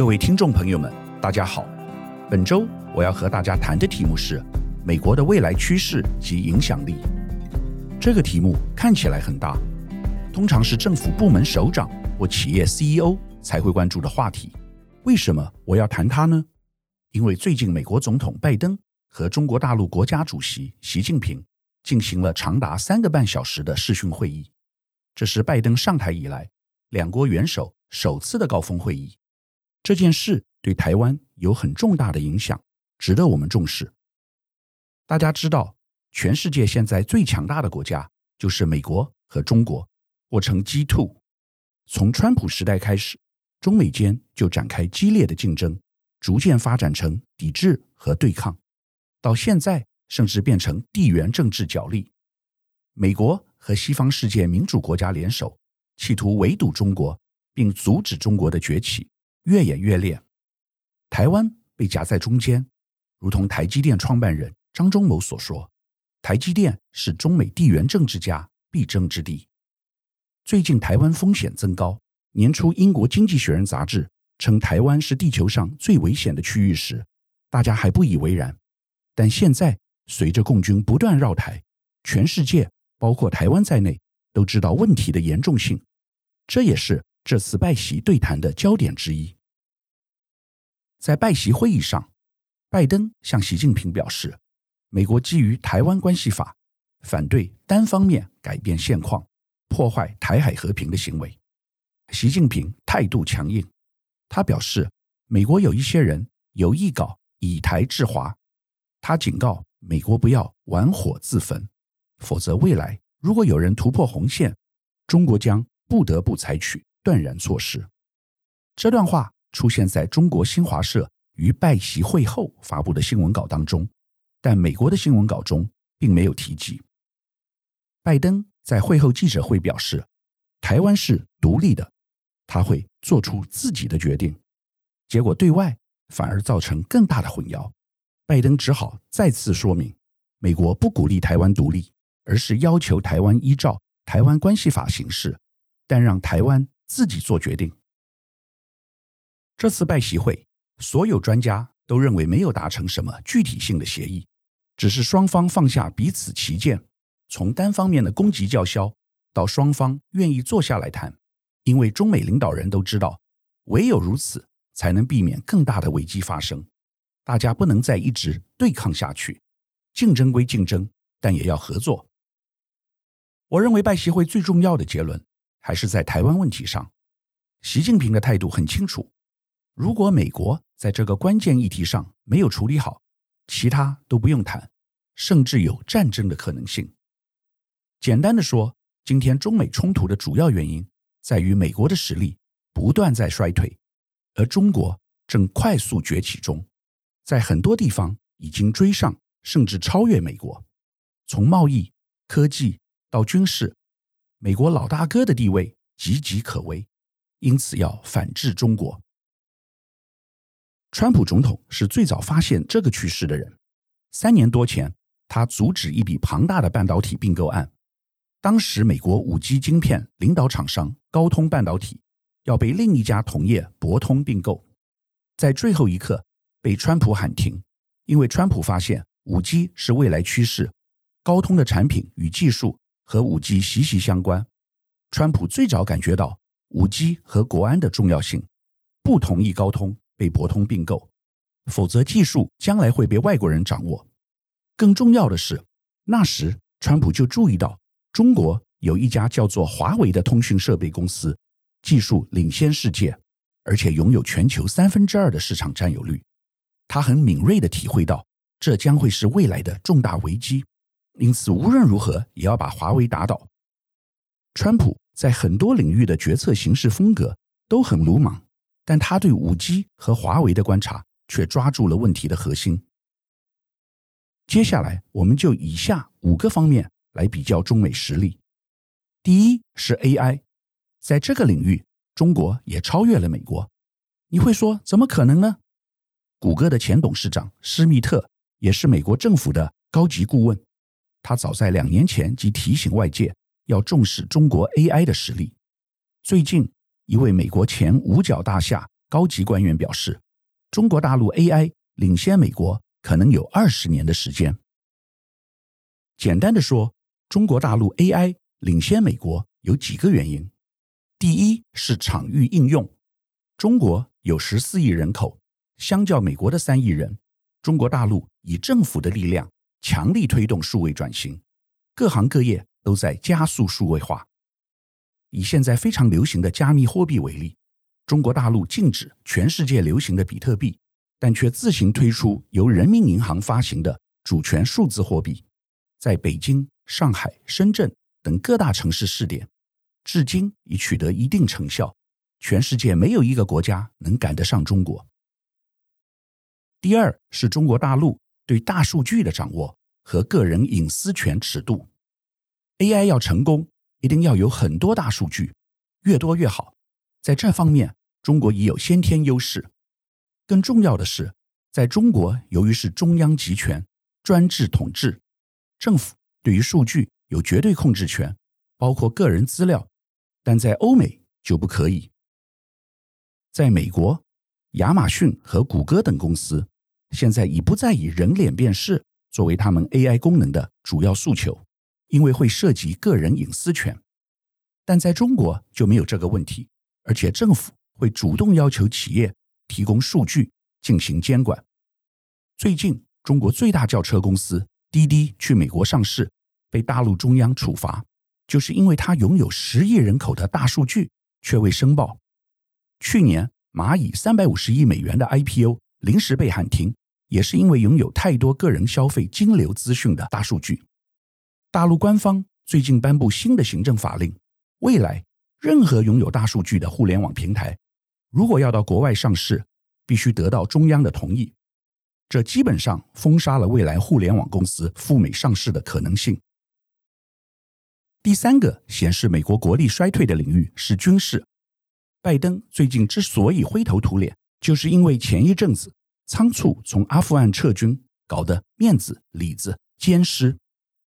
各位聽眾朋友們，大家好。本周我要和大家談的題目是美國的未來趨勢及影響力。這個題目看起來很大，通常是政府部門首長或企業 CEO 才會關注的話題。為什麼我要談它呢？因為最近美國總統拜登和中國大陸國家主席習近平進行了長達三個半小時的視訊會議。這是拜登上台以來兩國元首首次的高峰會議。這件事對台灣有很重大的影響，值得我們重視。大家知道，全世界現在最強大的國家就是美國和中國，或稱「G two」。從川普時代開始，中美間就展開激烈的競爭，逐漸發展成抵制和對抗，到現在甚至變成地緣政治角力。美國和西方世界民主國家聯手，企圖圍堵中國，並阻止中國的崛起。越演越烈，台灣被夾在中間，如同台積電創辦人張忠謀所說：“台積電是中美地緣政治家必爭之地。”最近台灣風險增高，年初英國《經濟學人》雜誌稱台灣是地球上最危險的區域時，大家還不以為然。但現在隨着共軍不斷繞台，全世界包括台灣在內都知道問題的嚴重性，這也是這次拜習對談的焦點之一。在拜習會議上，拜登向習近平表示，美國基於《台灣關係法》，反對單方面改變現況，破壞台海和平的行為。習近平態度強硬，他表示，美國有一些人有意搞以台制華，他警告美國不要玩火自焚，否則未來如果有人突破紅線，中國將不得不採取斷然措施。這段話，出現在中國新華社於拜習會後發布的新聞稿當中，但美國的新聞稿中並沒有提及。拜登在會後記者會表示，台灣是獨立的，他會做出自己的決定。結果對外反而造成更大的混淆，拜登只好再次說明，美國不鼓勵台灣獨立，而是要求台灣依照《台灣關係法》行事，但讓台灣自己做決定。這次拜習會，所有專家都認為沒有達成什麼具體性的協議，只是雙方放下彼此歧見，從單方面的攻擊叫囂到雙方願意坐下來談，因為中美領導人都知道，唯有如此才能避免更大的危機發生。大家不能再一直對抗下去，競爭歸競爭，但也要合作。我認為拜習會最重要的結論還是在台灣問題上，習近平的態度很清楚。如果美國在這個關鍵議題上沒有處理好，其他都不用談，甚至有戰爭的可能性。簡單的說，今天中美衝突的主要原因在於美國的實力不斷在衰退，而中國正快速崛起中，在很多地方已經追上甚至超越美國。從貿易、科技到軍事，美國老大哥的地位岌岌可危，因此要反制中國。川普總統是最早發現這個趨勢的人。三年多前，他阻止一筆龐大的半導體併購案。當時，美國 5G 晶片領導廠商高通半導體要被另一家同業博通併購，在最後一刻被川普喊停，因為川普發現 5G 是未來趨勢，高通的產品與技術和 5G 息息相關。川普最早感覺到 5G 和國安的重要性，不同意高通被博通併購，否則技術將來會被外國人掌握。更重要的是，那時川普就注意到中國有一家叫做華為的通訊設備公司，技術領先世界，而且擁有全球三分之二的市場佔有率。他很敏銳地體會到，這將會是未來的重大危機，因此無論如何也要把華為打倒。川普在很多領域的決策行事風格都很魯莽。但他對 5G 和華為的觀察卻抓住了問題的核心。接下來，我們就以下五個方面來比較中美實力。第一是 AI，在這個領域，中國也超越了美國。你會說怎麼可能呢？谷歌的前董事長施密特也是美國政府的高級顧問，他早在兩年前即提醒外界要重視中國 AI 的實力。最近，一位美國前五角大廈高級官員表示，中國大陸 AI 領先美國可能有二十年的時間。簡單的說，中國大陸 AI 領先美國有幾個原因：第一是場域應用，中國有十四億人口，相較美國的三億人，中國大陸以政府的力量強力推動數位轉型，各行各業都在加速數位化。以現在非常流行的加密貨幣為例，中國大陸禁止全世界流行的比特幣，但卻自行推出由人民銀行發行的主權數字貨幣，在北京、上海、深圳等各大城市試點，至今已取得一定成效。全世界沒有一個國家能趕得上中國。第二是中國大陸對大數據的掌握和個人隱私權尺度，AI 要成功，一定要有很多大數據，越多越好。在這方面，中國已有先天優勢。更重要的是，在中國，由於是中央集權、專制統治，政府對於數據有絕對控制權，包括個人資料。但在歐美就不可以。在美國，亞馬遜和谷歌等公司現在已不再以人臉辨識作為他們 AI 功能的主要訴求。因為會涉及個人隱私權，但在中國就沒有這個問題，而且政府會主動要求企業提供數據進行監管。最近，中國最大轎車公司滴滴去美國上市，被大陸中央處罰，就是因為它擁有十億人口的大數據卻未申報。去年，螞蟻三百五十億美元的 IPO 臨時被喊停，也是因為擁有太多個人消費金流資訊的大數據。大陸官方最近頒布新的行政法令，未來任何擁有大數據的互聯網平台，如果要到國外上市，必須得到中央的同意。這基本上封殺了未來互聯網公司赴美上市的可能性。第三個顯示美國國力衰退的領域是軍事。拜登最近之所以灰頭土臉，就是因為前一陣子倉促從阿富汗撤軍，搞得面子裡子兼失。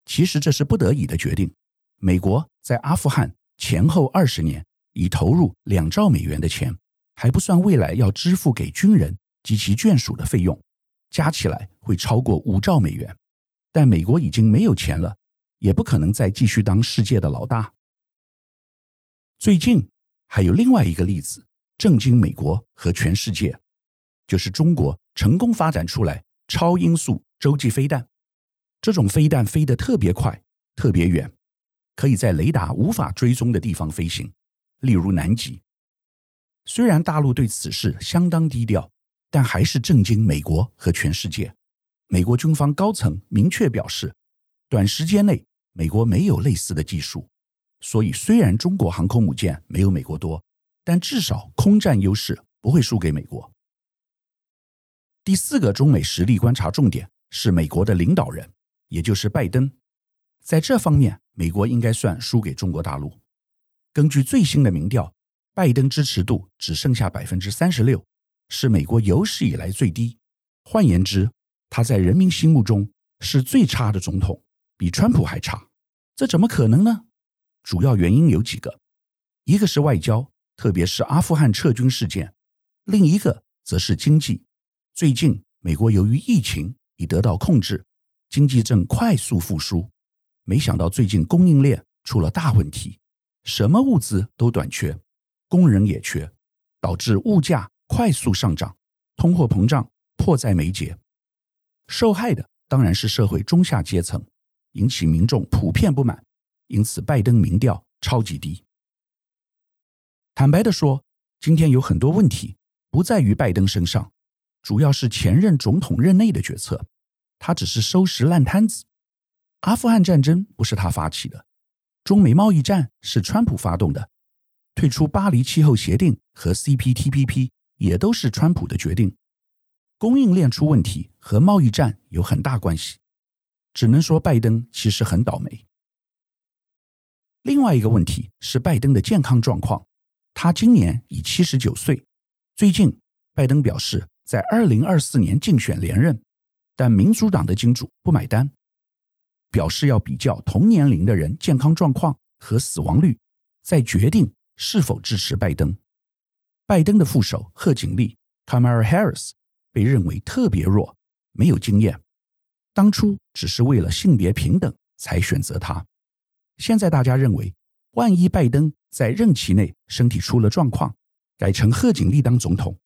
其實這是不得已的決定。美國在阿富汗前後二十年，已投入兩兆美元的錢，還不算未來要支付給軍人及其眷屬的費用，加起來會超過五兆美元。但美國已經沒有錢了，也不可能再繼續當世界的老大。最近還有另外一個例子，震驚美國和全世界，就是中國成功發展出來超音速洲際飛彈。這種飛彈飛得特別快，特別遠，可以在雷達無法追蹤的地方飛行，例如南極。雖然大陸對此事相當低調，但還是震驚美國和全世界。美國軍方高層明確表示，短時間內美國沒有類似的技術，所以雖然中國航空母艦沒有美國多，但至少空戰優勢不會輸給美國。第四個中美實力觀察重點是美國的領導人。也就是拜登，在這方面，美國應該算輸給中國大陸。根據最新的民調，拜登支持度只剩下百分之三十六，是美國有史以來最低。換言之，他在人民心目中是最差的總統，比川普還差。這怎麼可能呢？主要原因有幾個，一個是外交，特別是阿富汗撤軍事件；另一個則是經濟。最近，美國由於疫情已得到控制。經濟正快速復甦，沒想到最近供應鏈出了大問題，什麼物資都短缺，工人也缺，導致物價快速上漲，通貨膨脹迫在眉睫。受害的當然是社會中下階層，引起民眾普遍不滿，因此拜登民調超級低。坦白地說，今天有很多問題不在於拜登身上，主要是前任總統任內的決策。他只是收拾爛攤子。阿富汗戰爭不是他發起的，中美貿易戰是川普發動的，退出巴黎氣候協定和 CPTPP 也都是川普的決定。供應鏈出問題和貿易戰有很大關係，只能說拜登其實很倒霉。另外一個問題是拜登的健康狀況，他今年已七十九歲，最近拜登表示在二零二四年競選連任。但民主黨的金主不買單，表示要比較同年齡的人健康狀況和死亡率，再決定是否支持拜登。拜登的副手賀錦麗 k a m a r a Harris） 被認為特別弱，沒有經驗。當初只是為了性別平等才選擇他，現在大家認為，萬一拜登在任期內身體出了狀況，改成賀錦麗當總統，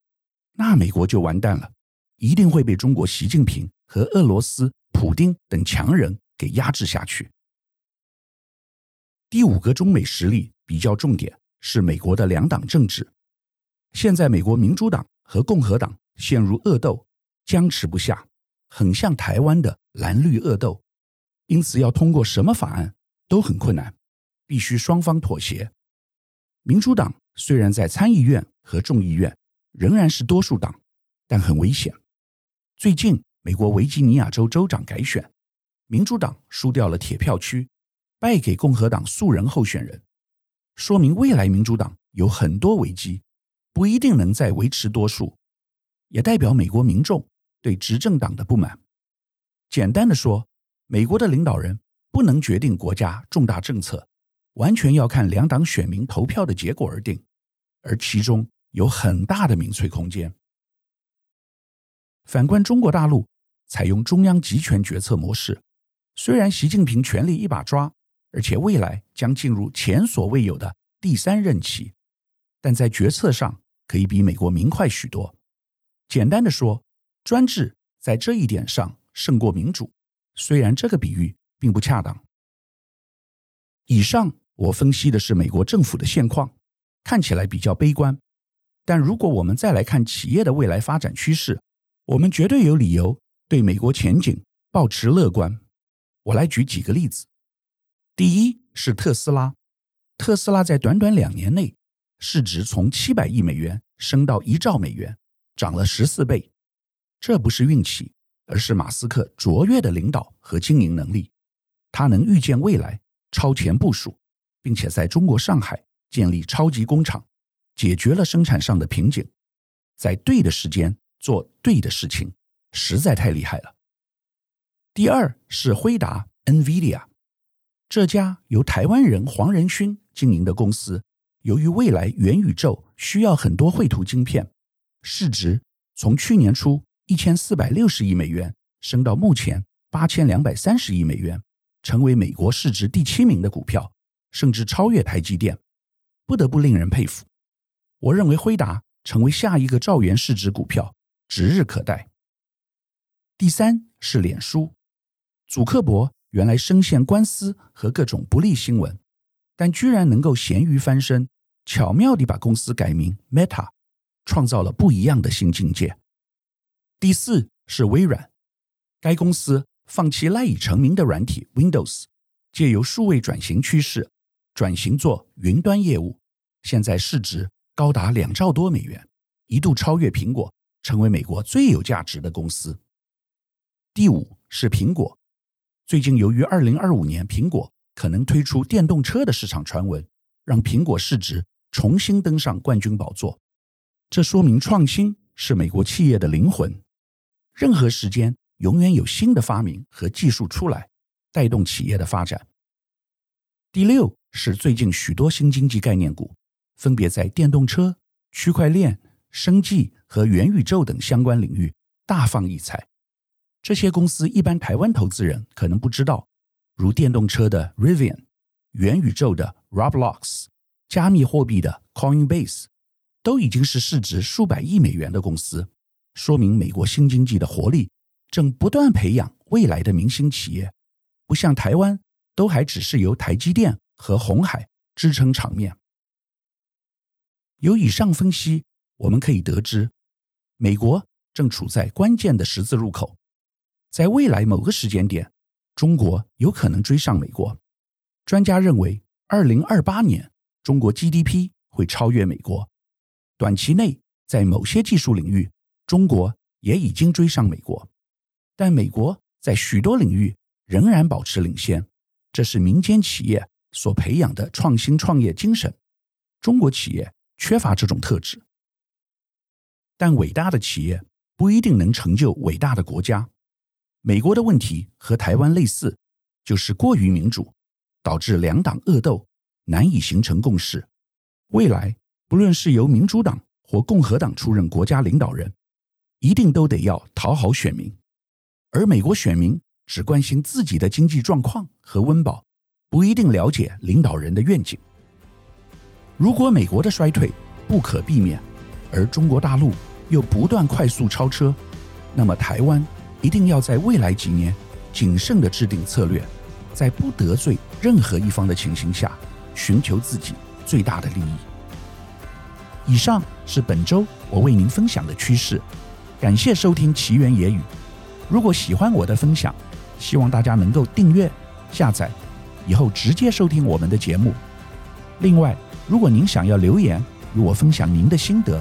那美國就完蛋了，一定會被中國習近平。和俄羅斯、普丁等強人給壓制下去。第五個中美實力比較重點是美國的兩黨政治。現在美國民主黨和共和黨陷入惡鬥，僵持不下，很像台灣的藍綠惡鬥。因此要通過什麼法案都很困難，必須雙方妥協。民主黨雖然在參議院和眾議院仍然是多數黨，但很危險。最近，美國維吉尼亞州州長改選，民主黨輸掉了鐵票區，敗給共和黨素人候選人，說明未來民主黨有很多危機，不一定能再維持多數，也代表美國民眾對執政黨的不滿。簡單的說，美國的領導人不能決定國家重大政策，完全要看兩黨選民投票的結果而定，而其中有很大的民粹空間。反觀中國大陸。採用中央集權決策模式，雖然習近平權力一把抓，而且未來將進入前所未有的第三任期，但在決策上可以比美國明快許多。簡單的說，專制在這一點上勝過民主，雖然這個比喻並不恰當。以上我分析的是美國政府的現況，看起來比較悲觀，但如果我們再來看企業的未來發展趨勢，我們絕對有理由。對美國前景保持樂觀，我來舉幾個例子。第一是特斯拉，特斯拉在短短兩年內，市值從七百億美元升到一兆美元，漲了十四倍。這不是運氣，而是馬斯克卓越的領導和經營能力。他能預見未來，超前部署，並且在中國上海建立超級工廠，解決了生產上的瓶頸，在對的時間做對的事情。實在太厲害了。第二是輝達 （NVIDIA），這家由台灣人黃仁勳經營的公司，由於未來元宇宙需要很多繪圖晶片，市值從去年初一千四百六十億美元升到目前八千兩百三十億美元，成為美國市值第七名的股票，甚至超越台積電，不得不令人佩服。我認為輝達成為下一個兆元市值股票，指日可待。第三是臉書，祖克伯原來深陷官司和各種不利新聞，但居然能夠鹹魚翻身，巧妙地把公司改名 Meta，創造了不一樣的新境界。第四是微軟，該公司放棄賴以成名的軟體 Windows，借由數位轉型趨勢，轉型做雲端業務，現在市值高達兩兆多美元，一度超越蘋果，成為美國最有價值的公司。第五是蘋果，最近由於二零二五年蘋果可能推出電動車的市場傳聞，讓蘋果市值重新登上冠軍寶座。這說明創新是美國企業的靈魂，任何時間永遠有新的發明和技術出來，帶動企業的發展。第六是最近許多新經濟概念股，分別在電動車、區塊鏈、生技和元宇宙等相關領域大放異彩。這些公司一般台灣投資人可能不知道，如電動車的 Rivian、元宇宙的 Roblox、加密貨幣的 Coinbase，都已經是市值數百億美元的公司，說明美國新經濟的活力正不斷培養未來的明星企業。不像台灣，都還只是由台積電和鴻海支撐場面。有以上分析，我們可以得知，美國正處在關鍵的十字路口。在未來某個時間點，中國有可能追上美國。專家認為，二零二八年中國 GDP 會超越美國。短期內，在某些技術領域，中國也已經追上美國，但美國在許多領域仍然保持領先。這是民間企業所培養的創新創業精神，中國企業缺乏這種特質。但偉大的企業不一定能成就偉大的國家。美國的問題和台灣類似，就是過於民主，導致兩黨惡鬥，難以形成共識。未來不論是由民主黨或共和黨出任國家領導人，一定都得要討好選民。而美國選民只關心自己的經濟狀況和溫飽，不一定了解領導人的願景。如果美國的衰退不可避免，而中國大陸又不斷快速超車，那麼台灣。一定要在未來幾年謹慎地制定策略，在不得罪任何一方的情形下，尋求自己最大的利益。以上是本週我為您分享的趨勢，感謝收聽奇緣野語。如果喜歡我的分享，希望大家能夠訂閱、下載，以後直接收聽我們的節目。另外，如果您想要留言與我分享您的心得。